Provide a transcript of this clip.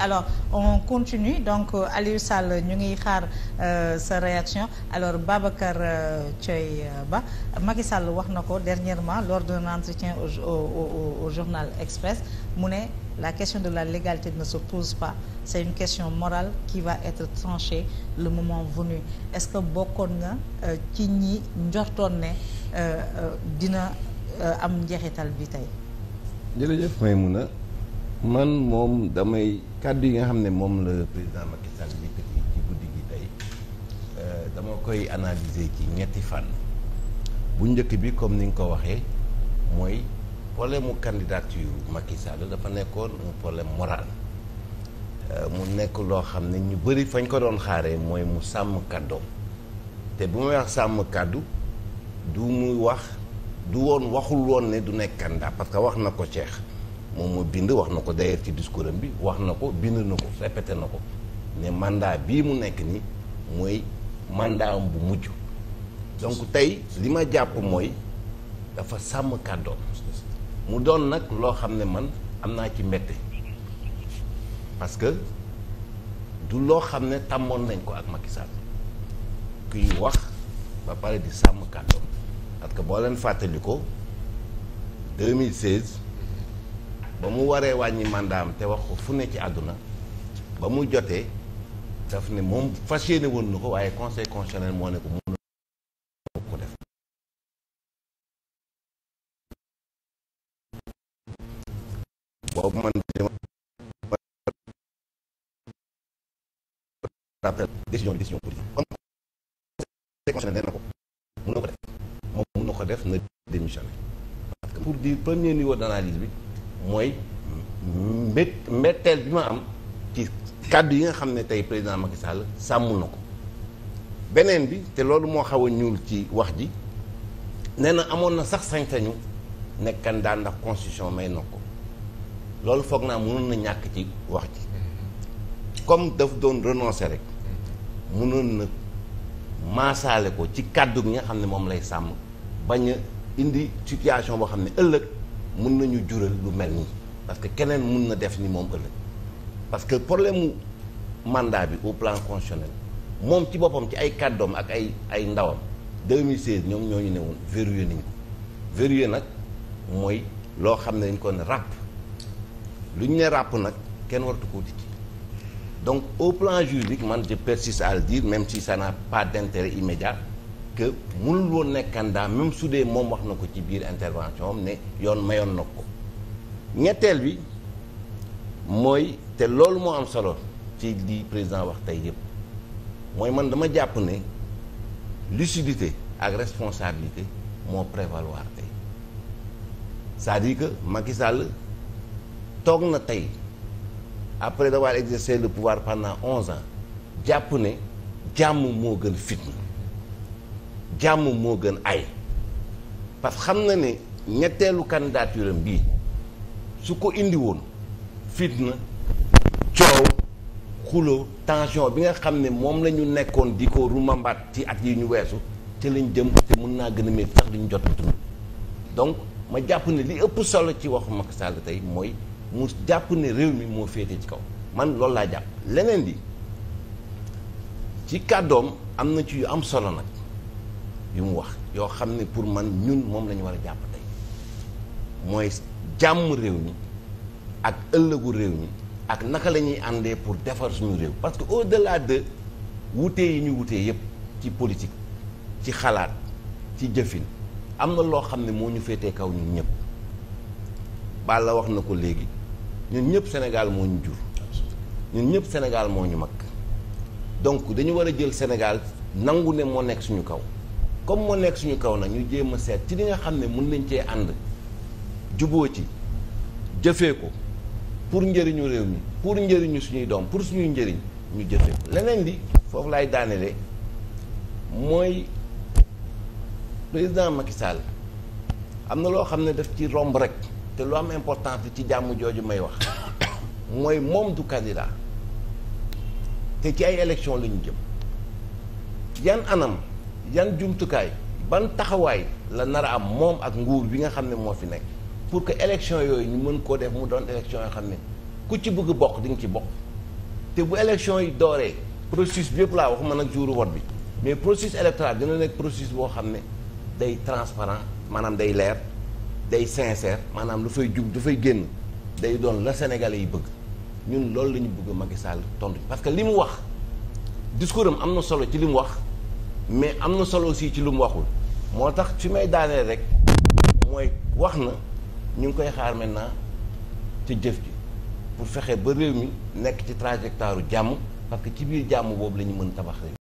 alors on continue donc euh, Aliou Sall ñu ngi xaar euh, sa réaction alors Babacar euh, Thioye Ba Macky Sall wax na ko dernièrement lors d'un entretien au, journal Express mu ne la question de la légalité ne se pose pas c'est une question morale qui va être tranchée le moment venu est-ce que bokkoon nga ci ñi njortoon ne dina am njeexital bi tey man moom damay kàddu yi nga xam ne moom la président Macky Sall yëkkati ci guddi gi tey euh, dama koy analyser ci ñetti fànn bu njëkk bi comme ni nga ko waxee mooy problème mu candidature Macky Sall dafa nekkoon un problème moral euh, mu nekk loo xam ne ñu bëri fañ ko doon xaaree mooy mu sàmm kàddoom te bu may wax sàmm kàddu du mu wax du woon waxul woon ne du nekk candidat parce que wax na ko ceex moom moo bind wax na ko d'ailleurs ci discours am bi wax na ko bind na ko répété na ko ne mandat bii mu nekk ni mooy mandat am bu mujj donc tey li ma jàpp mooy dafa sàmm kàddoom mu doon nag loo xam ne man am naa ci mbette parce que du loo xam ne tàmmoon nañ ko ak Macky Sall kuy wax ba pare di sàmm kàddoom parce que boo leen fàttali ko 2016 ba mu waree wàññi mandaam te wax ko fu ne ci àdduna ba mu jotee daf ne moom fas yéene woon na ko waaye conseil constitutionnel moo ne ko mun ko def man rappel décision décision politique kon na ko mun ko def moom mun na ko def na démissionné que pour dire premier niveau d'analyse bi mooy mbé mbetteel bi ma am ci kàddu yi nga xam ne tey président Macky Sall sàmm na ko beneen bi te loolu moo xaw a ñuul ci wax ji nee na amoon na sax sañ-sañu nekkan daan ndax constitution may na ko loolu foog naa mënoon na ñàkk ci wax ji comme daf doon renoncer rek mënoon na maasaale ko ci kàddu gi nga xam ne moom lay sàmm bañ a indi situation boo xam ne ëllëg mun nañu jural lu mel nii parce que keneen mun na def ni moom ëllëg parce que problème mu mandat bi au plan constitutionnel moom ci boppam ci ay kàddoom ak ay ay ndawam 2016 ñoom ñoo ñu ne woon verrouillé nañ ko verrouillé nag mooy loo xam ne dañ ko ne ràpp lu ñu ne ràpp nag kenn waratu koo dikki donc au plan juridique man je persiste à le dire même si ça n'a pas d'intérêt immédiat que mënul woon nekk candidat même su dee moom wax na ko ci biir intervention ne yoon mayoon na ko ñetteel bi mooy te loolu moo am solo ci li président wax tey yëpp mooy man dama jàpp ne lucidité ak responsabilité moo prévaloir tey di à dire que Macky Sall toog na tey après d'avoir exercé le pouvoir pendant onze ans jàpp ne jàmm moo gën fitna jàmm moo gën ay parce que xam na ne ñetteelu candidature am bii su ko indi woon fitna coow xuloo tension bi nga xam ne moom lañu nekkoon di ko rumambaat ci at yi ñu weesu te lañ jëm te mun naa gën a métti sax li jot a donc ma jàpp ne li ëpp solo ci waxu Macky Sall tey mooy mu jàpp ne réew mi moo féete ci kaw man loolu laa jàpp leneen di ci kàddoom am na ci yu am solo nag yu mu wax yoo xam ne pour man ñun moom lañu war a jàpp tey mooy jàmm réew mi ak ëllëgu réew mi ak naka la ñuy àndee pour defar suñu réew parce que au delà de wuute yi ñu wutee yépp ci politique ci xalaat ci jëfin am na loo xam ne moo ñu féetee kaw ñun ñëpp Balla wax na ko léegi ñun ñëpp Sénégal moo ñu jur ñun ñëpp Sénégal moo ñu mag donc dañu war a jël Sénégal nangu ne moo nekk suñu kaw comme moo nekk suñu kaw nag ñu jéem a seet ci li nga xam ne mun nañ cee ànd juboo ci jëfee ko pour njëriñu réew mi pour njëriñu suñuy doom pour suñuy njëriñ ñu jëfee ko leneen li foofu laay daanelee mooy président Macky Sall am na loo xam ne daf ci romb rek te lu am importante ci jàmm jooju may wax mooy moom du candidat te ci ay élection la ñu jëm yan anam yan jumtukaay ban taxawaay la nar a am moom ak nguur bi nga xam ne moo fi nekk pour que élection yooyu ñu mën koo def mu doon élection yoo xam ne ku ci bëgg bokk di nga ci bokk te bu élection yi dooree processus bi yëpp laa waxuma nag jouru vote bi mais processus électoral dina nekk processus boo xam ne day transparent maanaam day leer day sincère maanaam lu fay jub dafay génn day doon la Sénégalais yi bëgg ñun loolu la ñu bëgg Macky Sall tontu parce que li mu wax discours am am na solo ci li mu wax mais am na solo aussi ci lu mu waxul moo tax fi may daaneel rek mooy wax na ñu ngi koy xaar maintenant ci jëf ji pour fexe ba réew mi nekk ci trajectoire jàmm parce que ci biir jàmm boobu la ñu mën tabax